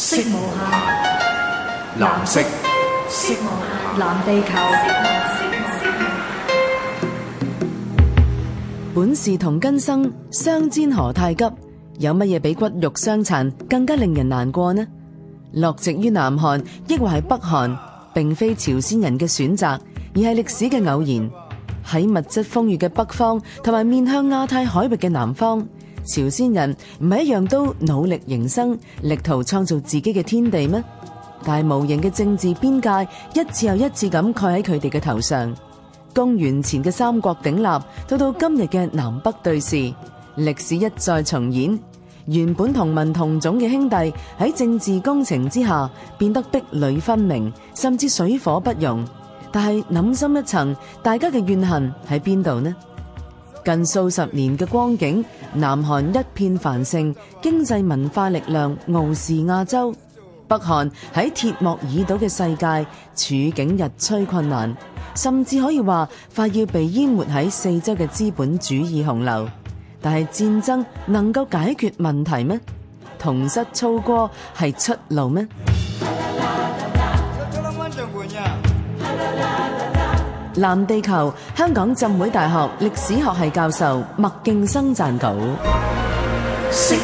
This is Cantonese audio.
色無暇，藍色。色無暇，藍地球。本是同根生，相煎何太急？有乜嘢比骨肉相殘更加令人難過呢？落籍於南韓，抑或係北韓，並非朝鮮人嘅選擇，而係歷史嘅偶然。喺物質豐裕嘅北方，同埋面向亞太海域嘅南方。朝鮮人唔係一樣都努力營生，力圖創造自己嘅天地咩？但係無形嘅政治邊界一次又一次咁蓋喺佢哋嘅頭上。公元前嘅三國鼎立，到到今日嘅南北對峙，歷史一再重演。原本同文同種嘅兄弟喺政治工程之下變得壁壘分明，甚至水火不容。但係諗深一層，大家嘅怨恨喺邊度呢？近數十年嘅光景，南韓一片繁盛，經濟文化力量傲視亞洲；北韓喺鐵幕耳堵嘅世界，處境日趨困難，甚至可以話快要被淹沒喺四周嘅資本主義洪流。但係戰爭能夠解決問題咩？同室操戈係出路咩？藍地球。香港浸會大學歷史學系教授麥勁生撰稿。息